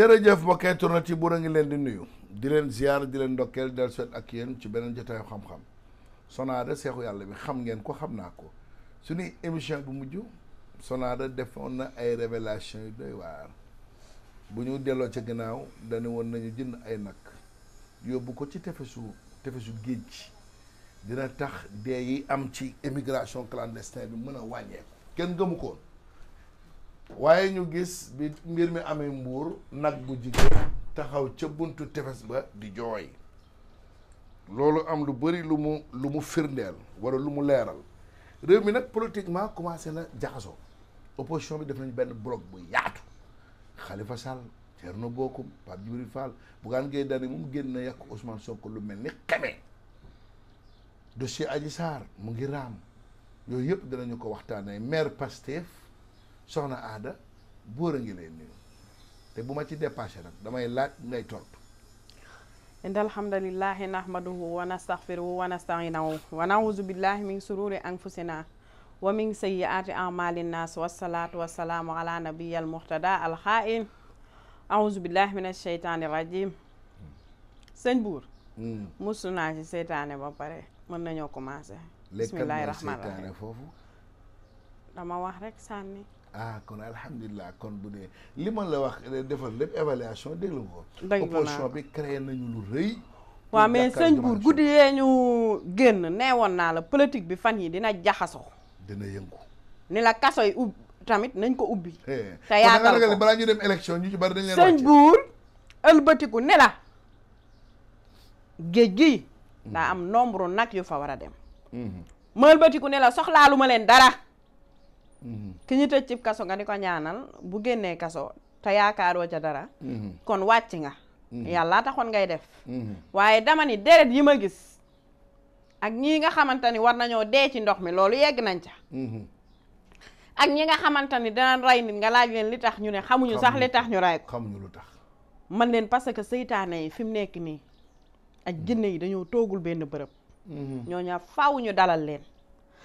jërëjëf mbokk internet yi buur a ngi leen di nuyu di leen ziar di leen ndokkeel del suet ak yéen ci beneen jotaayu xam-xam Sonaada seexu yàlla bi xam ngeen ko xam naa ko suñuy émission bu mujj Sonaada defoon na ay révélation yu doy waar bu ñu delloo ci ginnaaw dañu woon nañu jënd ay nag yóbbu ko ci tefesu tefesu géej gi dina tax dee yi am ci émigration clandestine bi mën a wàññeeku kenn gëmu koon waaye ñu gis bi mbir mi amee mbuur nag bu jigéen taxaw ca buntu tefes ba di jooy loolu am lu bëri lu mu lu mu firndeel wala lu mu leeral réew mi nag politiquement commencé na jaxasoo opposition bi def nañu benn bloc bu yaatu Khalifa Sall na Bocoum Pape Djibril Fall Bougane Gueye Dany mu génn na yàq Ousmane Sonko lu mel ni xeme dossier Adji Sarr mu ngi raam yooyu yëpp dinañu ko waxtaanee maire Pastef soxna aada buur a ngi lay nuyu te bu ma ci dépassé nag damay laaj ngay tontu إن الحمد لله نحمده ونستغفره ونستعينه ونعوذ بالله من سرور أنفسنا ومن سيئات أعمال الناس والصلاة والسلام على نبي المهتدى الخائن أعوذ بالله من الشيطان الرجيم سن بور مسلنا ci seytaane ba pare mën nañoo commencé bismillahi rahmani rahim dama wax rek sànni ah kon alhamdulilah kon bu dee li ma la wax eh, defal lépp évaluation déglu ko. opposition bi créé nañu lu rëy. waa mais sëñ Bour guddi yee ñu génn neewoon naa la politique bi fan yi dina jaxasoo. dina yëngu. ni la kaso yi ubbi tamit nañ ko ubbi. Eh, te yaatal ko balaa ñu dem élection ñu ci bari dañ leen sëñ Bour ëlbatiku ne la géej gi. daa mm-hmm. am nombre nag yu fa war a dem. Mm-hmm. ma ëlbatiku ne la soxlaalu ma leen dara. ki ñu tëj cib kaso nga di ko ñaanal bu génnee kaso te yaakaaroo ca dara mhm. kon wàcc nga mhm. yàlla taxoon ngay def mhm. waaye dama ni deret yi ma gis ak ñii nga xamante ni war nañoo dee ci ndox mi loolu yegg nañ ca ak ñi nga xamante ni dinañ rey nit nga laaj leen li tax ñu ne xamuñu sax li tax ñu rey xamuñu lu tax man leen parce que seytaane yi fi mu nekk nii ak jinne yi dañoo toogul benn bërëb ñooñu faaw ñu dalal leen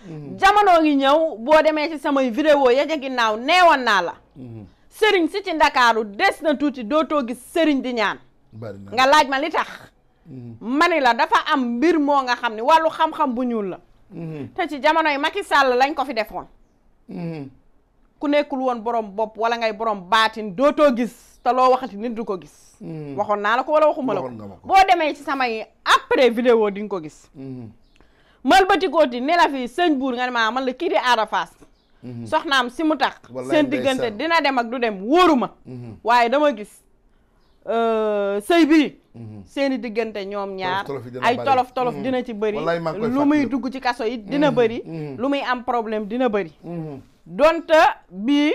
Mhm. jamono ngi ñëw boo demee ci samay vidéo ya ca ginnaaw woon naa la mhm. sëriñ si ci ndakaaru des na tuuti dootoo gis sëriñ di ñaan nga laaj ma li tax mhm. mani la dafa am mbir moo nga xam ne wàllu xam-xam bu ñuul la te ci jamono yi Macky Sall lañ ko fi defoon ku nekkul woon borom bopp wala ngay borom baatin doo too gis te loo waxati nit du ko gis waxoon naa la ko wala waxuma la ko boo demee ci samay après vidéo di nga ko gis malbati góoti ne la fii sëñ buur nga ne maa man la kii di aada faas mhm. soxnaam si mu tax seen diggante dina dem ak du dem wóoruma mhm. waaye dama gis euh, sëy bii mhm. seeni diggante ñoom ñaar ay tolof tolof dina ci bëri lu muy dugg ci kaso yi dina bëri lu muy am problème dina bëri donte bii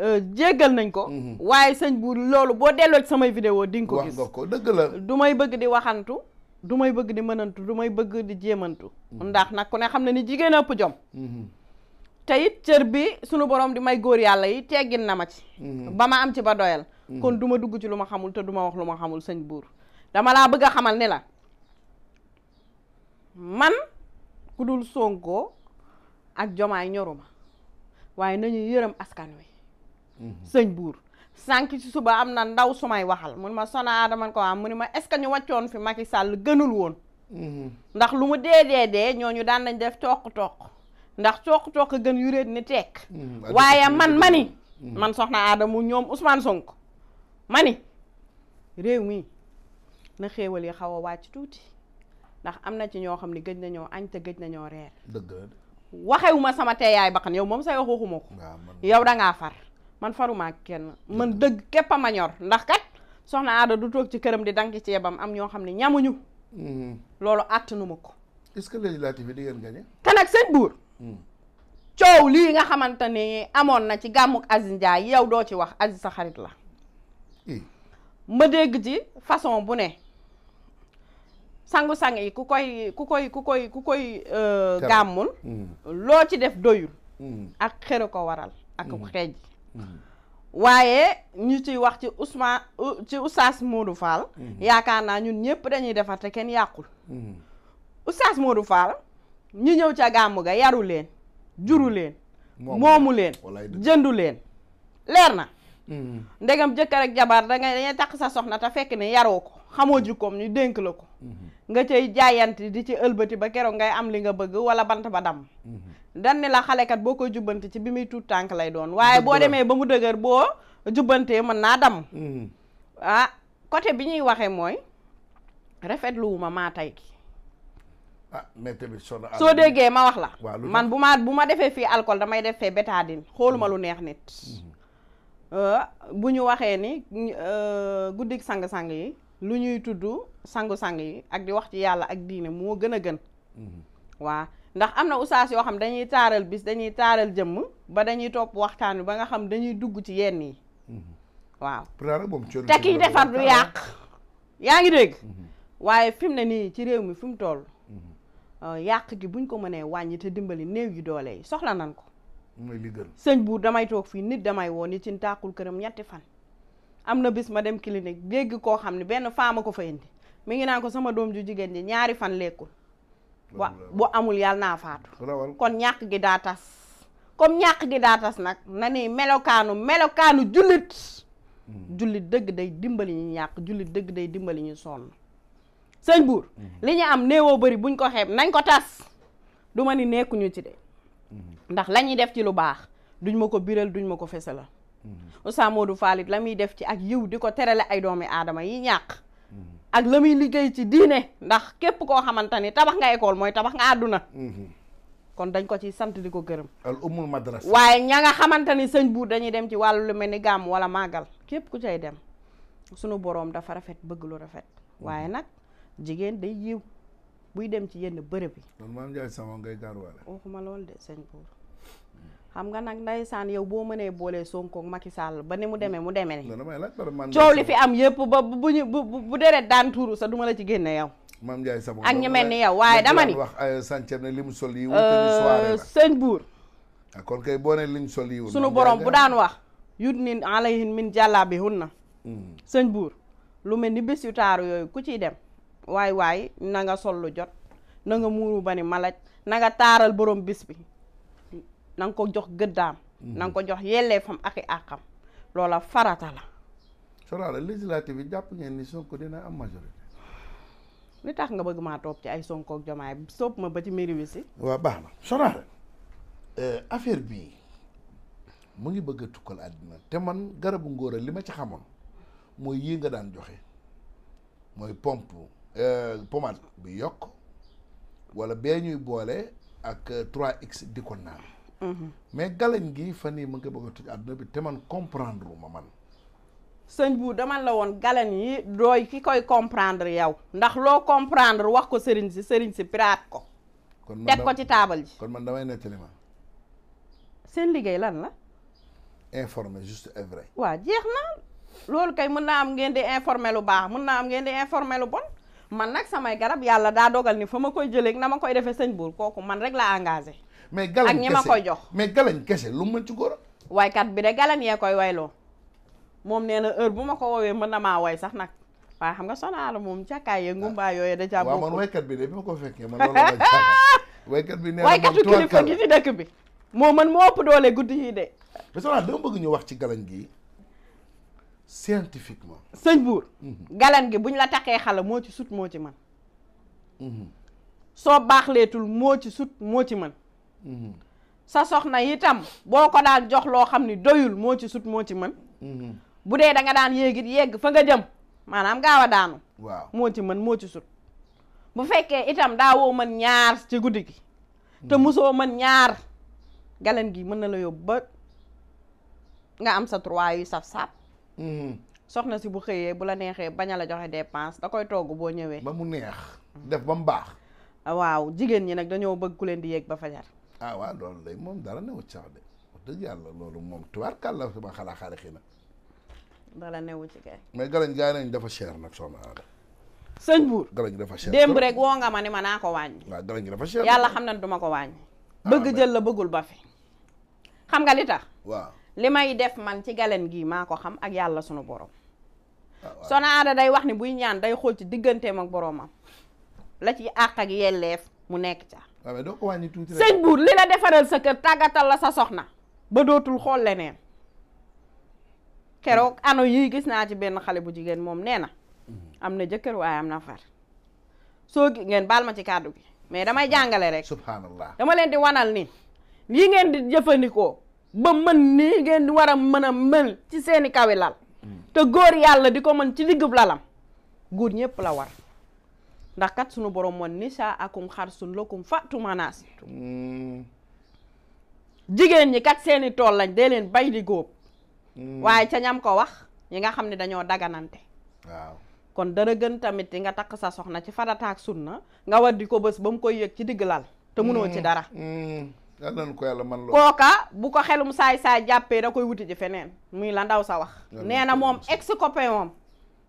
euh, jéggal nañ ko waaye sëñ buur loolu boo delloo ci samay vidéo di nga ko gis dëgg la du may bëgg di waxantu du may bëgg di mënantu du may bëgg di jéemantu ndax nag ku ne xam na ni jigéen ëpp jom te it cër bi sunu borom di may góor yàlla yi teggin na ma ci ba ma am ci ba doyal kon duma dugg ci lu ma xamul te du wax lu ma xamul sëñ buur dama laa bëgg a xamal ni la man ku dul Sonko ak jomaay ñoruma waaye nañu yërëm askan wi mhm. sëñ buur sànq ci suba am na ndaw su may waxal mun ma Soxna Adama ko am mu ni ma est-ce que ñu wàccoon fi Macky sàll gënul woon. Mhm. ndax lu mu dee dee dee ñu daan nañ def toq-toq ndax toq-toq gën yuréet ni tekk mhm, waaye man mani mhm. man Soxna Adama ñoom Ousmane Sonko mani réew mi na xéewal yi xaw a wàcc tuuti ndax am na ci ñoo xam ne gëj nañoo añ te gëj nañoo reer. dëgg la waxewuma sama teeyaay baqan yow moom say wax waxuma ko. yow da far. man faruma kenn man dëgg képp a ma ñor ndax kat soxna aada du toog ci këram di danki ceebam am ñoo xam ne ñamuñu. Hmm. loolu àttanu ma ko. est-ce que législative yi di ngeen gagné. te nag sëñ buur. Hmm. coow lii nga xamante ne amoon na ci gàmmuk Aziz Ndiaye yow doo ci wax Aziz sa xarit la. ma dégg ci façon bu ne sangu-sang yi ku koy ku koy ku koy ku koy. Euh, gàmmul hmm. loo ci def doyul. ak xëru ko waral. ak xeej. waaye ñu ciy wax ci Ousmane ci Oustaz Modou Fall. Mhm. yaakaar naa ñun ñëpp dañuy defar te kenn yàqul. Mhm. Oustaz Modou Fall ñu ñëw ca gàmmu ga yaru leen juru mhm. leen. moomu leen jëndu leen leer na. ndegam jëkkër ak jabar da ngay dañuy takk sa soxna te fekk ne yaroo ko xamoo jikkoom ñu dénk la ko. nga cay jaayanti di ci ëlbëti ba keroog ngay am li nga bëgg wala bant ba damm. dan la xalekat boo koy jubbanti ci bi muy tuut tànk lay doon waaye boo demee ba mu dëgër boo jubbantee mën naa dam mm. ah côté bi ñuy waxee mooy rafetluwuma maa tey ki ah soo déggee ma wax la man bu ma bu ma defee fii alcool damay def fee bétadine xooluma mm. lu neex nit mm-hmm. euh, bu ñu waxee ni euh, guddik sang-sang yi lu ñuy tudd sangu-sang yi ak di wax ci yàlla ak diine moo gën a gën mm-hmm. waa ndax am na ustaas yoo xam dañuy taaral bis dañuy taaral jëmm ba dañuy topp waxtaan wi ba nga xam dañuy dugg ci yenn yi mm-hmm. waaw te kiy defar du yàq yaa ngi dégg mm-hmm. waaye fi mu ne nii ci réew mi fi mu toll mm-hmm. euh, yàq gi buñ ko mënee wàññi te dimbali néew yi doole yi soxla nan ko mooy li gën sëñ buur damay toog fii nit damay woo nit ci tàkkul këram ñetti fan am na bis ma dem clinique dégg koo xam ne benn femme ko fa indi mi ngi naan ko sama doom ju jigéen ji ñaari fan lekkul wa bu amul yàlla naa faatu kon ñàkk gi daa tas comme ñàkk gi daa tas nag na ni melokaanu melokaanu jullit hmm. jullit dëgg day dimbali ñu ñàkk jullit dëgg day dimbali ñu sonn sëñ buur hmm. li ñu am néewoo bëri buñ ko xeeb nañ ko tas du ma ni nekkuñu ci de hmm. ndax lañuy def ci lu baax duñ ma ko biral duñ ma ko fesalal Oustaz Modou Fall it la muy def ci ak yiw di ko terale ay doomi aadama yi ñàkk ak la muy liggéey ci diine ndax képp koo xamante ni tabax nga école mooy tabax nga àdduna mhm. kon dañ ko ci sant di ko gërëm al umul madrasa waaye ña nga xamante ni sëñ bu dañuy dem ci wàllu lu mel ni gàmm wala màggal képp ku cay dem sunu boroom dafa rafet bëgg lu rafet mhm. waaye nag jigéen day yiw buy dem ci yenn bërëb yi loolu maam ngay gaar waale waxuma lool de sëñ buur xam nga nag saan yow boo mënee boolee Sonko ma ki Sall ba ni mu demee mu demee ne coow li fi am yëpp ba bu ñu bu bu deret daan tuuru sa duma la ci génne yow maam Ndiaye sama ak ñu mel ni yow waaye dama ni wax sànceb ne li mu sol yi euh, sëñ buur ah, kon kay boo ne sol yi sunu borom bu daan wax yut nin alayhin min jàllaabi hun na hmm. sëñ buur lu mel ni bés yu taaru yooyu ku ciy dem waaye waay na nga sol lu jot na nga muuru ba ni malaj na nga taaral borom bis bi nanga ko jox gëddaam mhm. nanga ko jox fam ak i àqam loola farata la soraala législative yi jàpp ngeen ni Sonko dina am majorité li tax nga bëgg maa toog ci ay Sonko ak Jomaay soob ma ba ci mairie wi si waaw baax na soraala euh, affaire bii mu ngi bëgg a tukkal àddina te man garabu ngóora li ma ci xamoon mooy yii nga daan joxe mooy pompe euh, pomade bi yokk wala bee ñuy boole ak 3x di ko naan Mm-hmm. mais galañ gi fan yii mu ngi bëgg a toj àdduna bi te man comprendre ma man. sëñ bu dama la woon galañ yi dooy ki koy comprendre yow ndax loo comprendre wax ko sëriñ si sëriñ si piraat ko. kon teg ko ci taabal ji kon man damay nettali ma. seen liggéey lan la. informer juste et vrai. waaw jeex na. loolu kay mën naa am ngeen di informer lu baax mën naa am ngeen di informer lu bon man nag samay garab yàlla daa dogal ni fa ma koy jëlee na ma koy defee sëñ buur kooku man rek laa engagé. mais galañ kese ak ñi jox mais galañ kese lu mu man ci góor waykat bi de galan yee koy wayloo moom nee na heure bu ma ko woowee mën na maa way sax nag waaye xam nga sonaala moom càkkaay yee ngumbaa yooyu da caa bokk man bi de bi ma ko fekkee man loolu la waykat bi nee bi moo man moo ëpp doole guddi yi de mais soxna dama bëgg ñu wax ci galan gi scientifiquement sëñ buur mhm. galan gi buñ la taqee xala moo ci sut moo ci man mhm. soo baaxleetul moo ci sut moo ci man sa soxna itam boo ko daan jox loo xam ni doyul moo ci sut moo ci mën mm-hmm. bu dee da nga daan yéegit yegg fa nga jëm maanaam gaaw a daanu waaw moo ci mën moo ci sut bu fekkee itam daawoo mën ñaar ci guddi gi te musoo mm-hmm. mën ñaar galen gi mën na la yóbbu ba nga am sa trois yu saf-saf mm-hmm. soxna si bu xëyee bu la neexee bañ a la joxe dépense da koy togg boo ñëwee ba mu neex def ba mu baax waaw jigéen ñi nag dañoo bëgg ku leen di yéeg ba fajar ah waaw loolu day moom dara newu ci de wax dëgg yàlla loolu moom tubaarkàlla sama xalaa xaari xii na dara newu ci kay mais galañ gaa nañ dafa cher nag soxna Aada sëñ buur galañ dafa démb rek woo nga ma ni ma naa ko wàññi waaw galañ dafa cher yàlla xam na duma ko wàññi ah, bëgg jël la bëggul ba fi xam nga li tax li may def man ci galen gii maa ko xam ak yàlla sunu borom ah, Soxna Aada day wax ni buy ñaan day xool ci digganteem ak boromam la ci àq ak yelleef mu nekk ca waaw ah, doo ko wàññi tuuti rek buur li la defaral sa kër tàggatal la sa soxna ba dootul xool leneen keroog ano yii gis naa ci benn xale bu jigéen moom nee na mm-hmm. am na jëkkër waaye am na far soo gi ngeen baal ma ci kàddu gi mais damay jàngale rek subhanallah dama leen di wanal ni lii ngeen di jëfandikoo ba mën ni ngeen war a mën a mën ci seeni kawi lal mm. te góor yàlla di ko mën ci liggub lalam góor ñépp la war ndax kat sunu borom moon nisa akum xar xarsun lakum fa'tumanaas jigéen ñi kat seeni tool lañ dee leen bay di góob mm. waaye ca ñam ko wax ñi nga xam ne dañoo daganante kon dara gën tamit yi nga takk sa soxna ci farataak na nga war di ko bës ba mu koy yëg ci digg lal te munoo ci mm. dara mm. yàlla ko kooka bu ko xelum saay saay jàppee da koy wuti ji feneen muy la ndaw sa wax nee na moom ex copain moom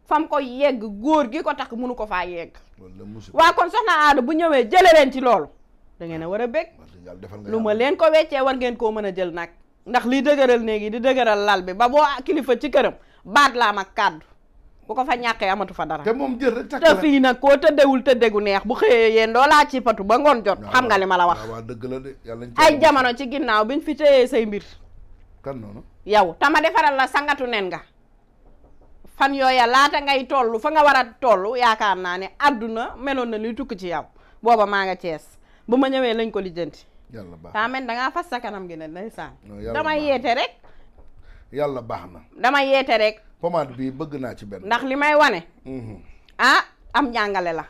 fam ko yegg góor gi ko takk mënu ko faa yegg waa kon soxna aada bu ñëwee jële leen ci loolu da ngeen a war a bég lu ma leen ko weccee war ngeen koo mën a jël nag ndax liy dëgëral néegi di dëgëral lal bi ba boo kilifa ci këram baat laa mag kàddu bu ko fa ñàkkee amatu fa dara te moom jël rek te fii nag koo tëddewul tëddegu neex bu xëyee yéen doo laa ci patu ba ngoon jot xam nga li ma la wax waaw dëgg la de ay jamono ci ginnaaw biñ fi téyee say mbir kan yow tama defaral la sangatu nen nga fan yooya laata ngay toll fa nga war a toll yaakaar naa ne àdduna meloon na luy tukki ci yow booba maa nga cees bu ma ñëwee lañ ko lijjanti. yàlla baax na da ngaa fas sa kanam gi ne ndeysaan. dama yeete rek. yàlla baax na. dama yeete rek. pommade bi bëgg naa ci benn. ndax li may wane. Mhm. ah am njàngale la.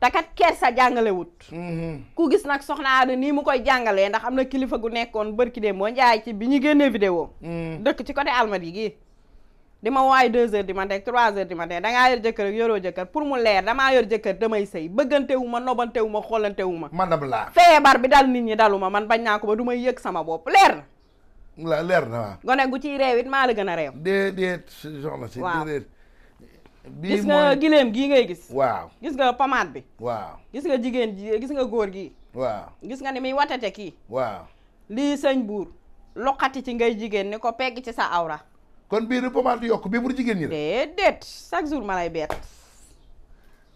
te kat kersa jàngale mhm. ku gis nag soxna Ada nii mu koy jàngalee ndax am na kilifa gu nekkoon barki de moo njaay ci bi ñu génnee vidéo. Mhm. dëkk ci côté almadi gi. di ma waaye deux heures du matin trois heures du matin dangaa yor jëkkër yoroo jëkkër pour mu leer damaa yor jëkkër damay sëy bëggante wu ma nobante wu ma xoolante wu ma madame la feebar bi dal nit ñi dalu ma man bañ naa ko ba du may yëg sama bopp leer na leer na waaw gone gu ciy réew maa la gën a réew déedéet soxna si gis nga gileem gii ngay gis waaw gis nga pamaat bi waaw gis nga jigéen ji gis nga góor gi waaw gis nga ni muy watete kii waaw lii sëñ buur loqati ci ngay jigéen ni ko pegg ci sa awra kon biir pomade yokk bi pour jigéen ñi la. déedéet chaque jour ma lay bett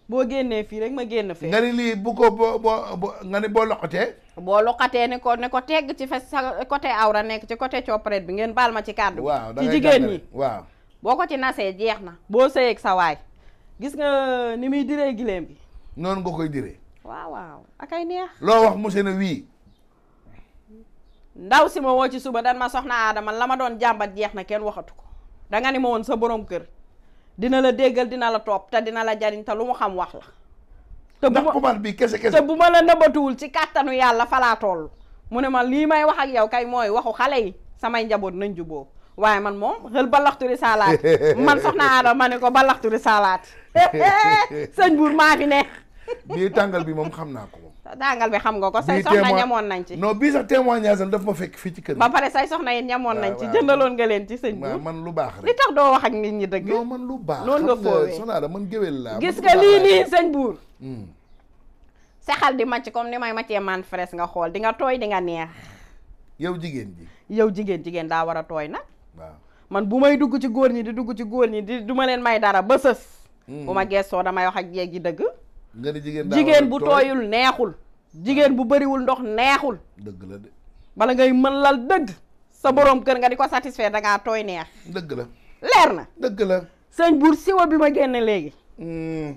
boo génnee fii rek ma génn fee. nga ni lii bu ko boo boo nga ni boo loqatee. boo loqatee ne ko ko tegg ci fa sa côté awra nekk ci côté coppret bi ngeen baal ma ci kàddu. waaw ci jigéen ñi waaw. boo ko ci nasee jeex na. boo sëyeeg sa waay gis nga euh, ni muy diree gileem bi. noonu nga koy diree. waaw waaw akay neex. loo wax monsieur ne wii. ndaw si ma woo ci suba dan ma soxna Adama la ma doon jàmbat jeex na kenn waxatu ko. danga ni ma woon sa boroom kër dina la déggal dina la topp te dina la jariñ te lu mu xam wax la te bu ma la nëbbatuwul ci kàttanu yàlla falaa toll mu ne ma lii may wax ak yow kay mooy waxu xale yi samay njaboot nañ juboo waaye man moom xel ba laxturi saalaat man soxna Adama ma ne ko ba laxturi saalaat buur maa ne bii tàngal bi moom xam naa ko moom. tàngal bi xam nga ko say soxna ñamoon nañ ci. non bii sax témoignage am daf ma fekk fii ci kër ba pare say soxna yéen ñamoon nañ ci jëndaloon nga leen ci sëñ bi man lu baax rek li tax doo wax ak nit ñi dëgg. non man lu baax loolu nga foowee soxna da man géwél laa gis nga lii nii sëñ buur hmm. di màcc comme ni may màccee man fraise nga xool di nga tooy di nga neex yow jigéen ji yow jigéen jigéen daa war a tooy nag man bu may dugg ci góor ñi di dugg ci góor ñi di du ma leen may dara ba sës hmm. bu ma geestoo damay wax ak jeeg gi dëgg nga ne jigéen jigéen bu tooyul neexul jigéen bu bariwul ndox neexul dëgg la de bala ngay mën lal dëgg sa borom kër nga di ko satisfaire dangaa tooy neex dëgg la leer na dëgg la sëñ buur siwa bi ma génne léegi hmm.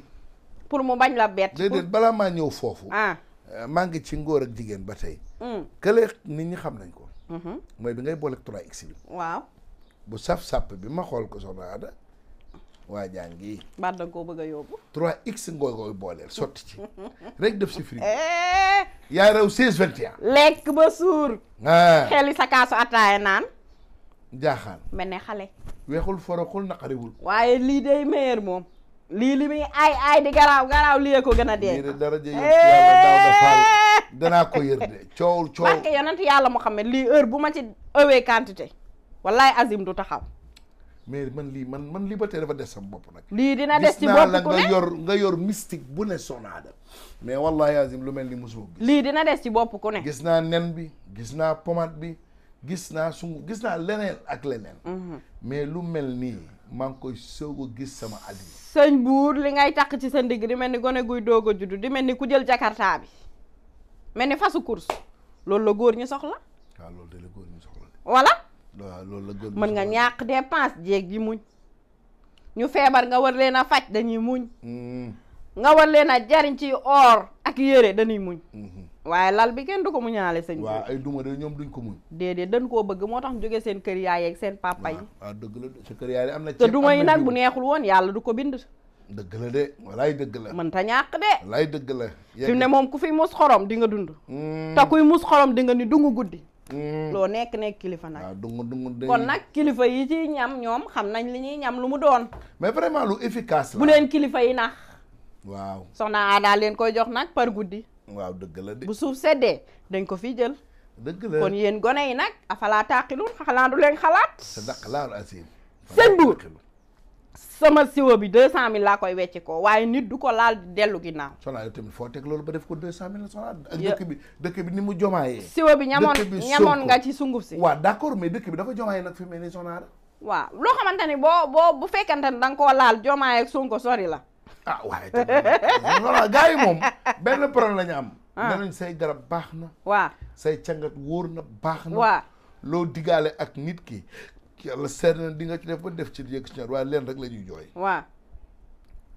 pour mu bañ la bett déedéet balaa maa ñëw foofu ah euh, maa ngi ci ngóor ak jigéen ba tey hmm. kële nit ñi xam nañ ko mhm. mooy bi ngay booleeg 3x bi waaw bu saf-sàpp bi ma xool ko soxna Ada waa jaan gi. baat da bëgg a yóbbu. 3x ngoo koy booleel sotti ci rek def si frigo. Eh! yaay raw lekk ba suur. Ah. xeli sa kaasu ataaya naan. jaaxaan mel ni xale. weexul foroxul naqariwul. waaye lii day meer moom. lii li muy ay ay di garaaw garaaw lii ko gën a dee. lii dara jëye eh! danaa ko yër de coow coow. barke yonent yàlla Muhammad lii heure bu ma ci ëwee quantité. wallaay azim du taxaw. mais man lii man man liberté dafa des sama bopp nag. lii dina des ci bopp ku ne gis naa nga yor nga yor ne sonaada mais wallahi azim lu mel ni mosoo lii dina des ci bopp ku ne. gis naa nen bi gis naa pommade bi gis naa sungu gis naa leneen ak leneen. Mhm. mais lu mel nii maa ngi koy soog a gis sama àddina. sëñ buur li ngay takk ci sa ndigg di mel ni gone guy doog a juddu di mel ni ku jël jakarta bi mel ni fasu course loolu la góor ñi soxla. waaw loolu de la góor ñi soxla. voilà. mën nga ñàkk dépense jeeg yi muñ ñu feebar nga war leen a faj dañuy muñ mm-hmm. nga war leen a jariñ ci or ak yére dañuy muñ mm-hmm. waaye lal bi kenn du ko muñaale sëñ waaw ay duma ñoom duñ ko muñ déedee dañ koo bëgg moo tax jóge seen kër yaay ak seen papa yi la sa kër yaay am na te duma yi nag bu neexul woon yàlla du ko bind dëgg la de walaay dëgg la mën ta ñàkk de walaay dëgg la fi ne moom ku fi mus xorom di nga dund mm. te kuy mus xorom di nga ni dungu guddi Mm. loo nekk nekk kilifa nag. waaw dungu dungu kon nag kilifa yi ci ñam ñoom xam nañ li ñuy ñam lu mu doon. mais vraiment lu efficace bu leen kilifa yi nax. waaw soxna Ada leen koy jox nag par guddi. waaw dëgg la bu suuf seddee dañ ko fi jël. dëgg la kon yéen gone yi nag afalaa taaxilun xalaatu xalaat. sadaqallaahu l-aziim. sëñ buur sama siwo bi deux cent mil laa koy wecci ko waaye nit du ko laal dellu ginnaaw Soxna yow tamit foo teg loolu ba def ko deux cent mille Soxna ak dëkk bi dëkk bi ni mu jomaayee siwo bi ñamoon ñamoon nga ci sunguf si waaw d'accord mais dëkk bi dafa jomaayee nag fi mu ni nii Soxna waa loo xamante ni boo boo bu fekkante ni danga koo laal jomaayee ak Sonko sori la ah waaye Soxna gars yi moom benn problème la ñu am ah. nenañ say garab baax na waaw say cangat wóor na baax na waaw loo digaale ak nit ki yàlla seet na di nga ci def ba def ci yëkk ci ñaar waaye leen rek la ñuy jooy waaw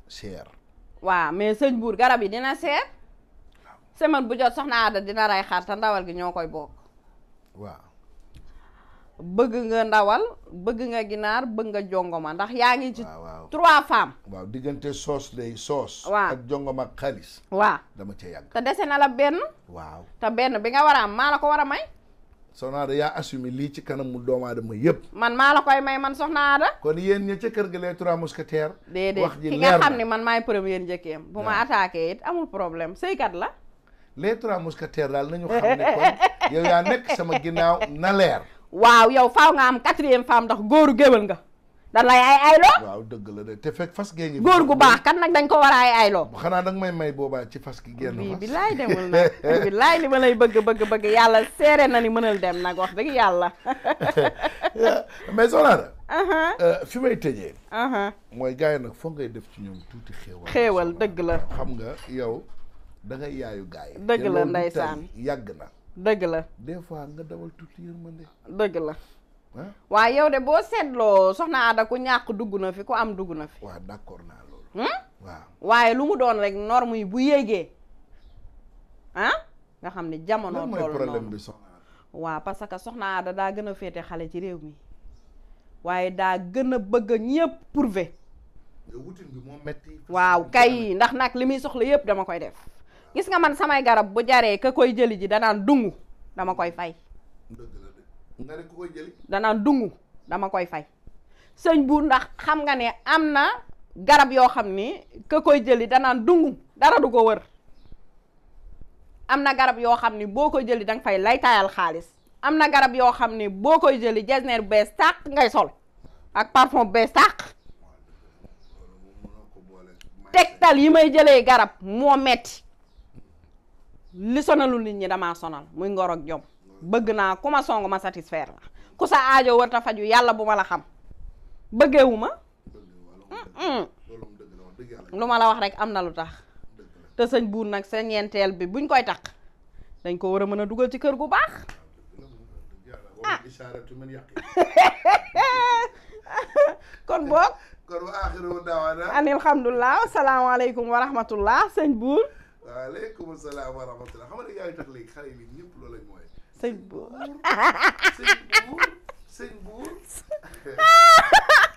seer waaw mais sëñ buur garab yi dina seer semaine bu jot soxna Ada dina rey xar te ndawal gi ñoo koy bokk waaw bëgg nga ndawal bëgg nga ginaar bëgg nga jongoma ndax yaa ngi ci trois femmes waaw diggante soos day soos waaw ak jongoma ak xaalis waaw dama ca yàgg te dese na la benn waaw te benn bi nga war a am maa la ko war a may soxna Ada yaa assumé lii ci kanamu doomu aadama yëpp. man maa la koy may man soxna Ada. kon yéen ña ca kër ga les trois mousquetaires. déedéet wax ji ki nga xam ne man maay premier njëkkeem. bu ma attaqué it amul problème sëykat la. les trois mousquetaires daal nañu xam ne kon yow yaa nekk sama ginnaaw na leer. waaw yow faaw nga am quatrième femme ndax góoru géwél nga. dan lay ay ayloo waaw dëgg la de te fekk fas gee ngi góor gu baax kan nag dañ ko war a ay ayloo xanaa danga may may boobaa ci fas gi génn fas bi laay demul nag bi laay li ma lay bëgg bëgg bëgg yàlla seere na ni mënal dem nag wax dëgg yàlla mais soxna euh, fi may tëjee mooy gars nag foog ngay def ci ñoom tuuti xéewal xéewal dëgg la xam nga yow dangay ngay yaayu gars yi dëgg la ndeysaan yàgg na dëgg la des fois nga dawal tuuti yërmande dëgg la waa yow de boo seetloo soxna Ada ku ñàkk dugg na fi ku am dugg na fi. waaw d'accord naa loolu. Hmm? waaye lu mu doon rek norme yi bu yéegee nga xam ne jamono. toll noonu problème bi soxna Ada. parce que soxna Ada daa gën a féete xale ci réew mi waaye daa gën a bëgg ñëpp prouver. wutin bi moo metti waaw kay ndax nag li muy soxla yëpp dama koy def. gis nga man samay garab bu jaree ka koy jëli ji danaan dungu dama koy fay. nga ne ku koy danaan dungu dama koy fay. sëñ buur ndax xam nga ne am na garab yoo xam ni ka koy jëli danaan dungu dara du ko wër am na garab yoo xam ni boo koy jëli danga fay laytaayal xaalis. am na garab yoo xam ni boo koy jëli jesneer bees tàq ngay sol ak parfum bees tàq tegtal yi may jëlee garab moo metti li sonalul nit ñi dama sonal muy ngor ak jom bëgg naa ku ma song ma satisfaire la ku sa aajo war ta faju yàlla bu ma la xam bëggeewu ma lu ma la wax rek am na lu tax te sëñ buur nag sa ñeenteel bi buñ koy tax dañ ko war a mën a dugal ci kër gu baax ah kon boog kon wa axiru daawana an alhamdulilah sëñ buur waaleykum salaam wa rahmatullah xam ñëpp loolu sëñ buur sëñ buur sëñ buur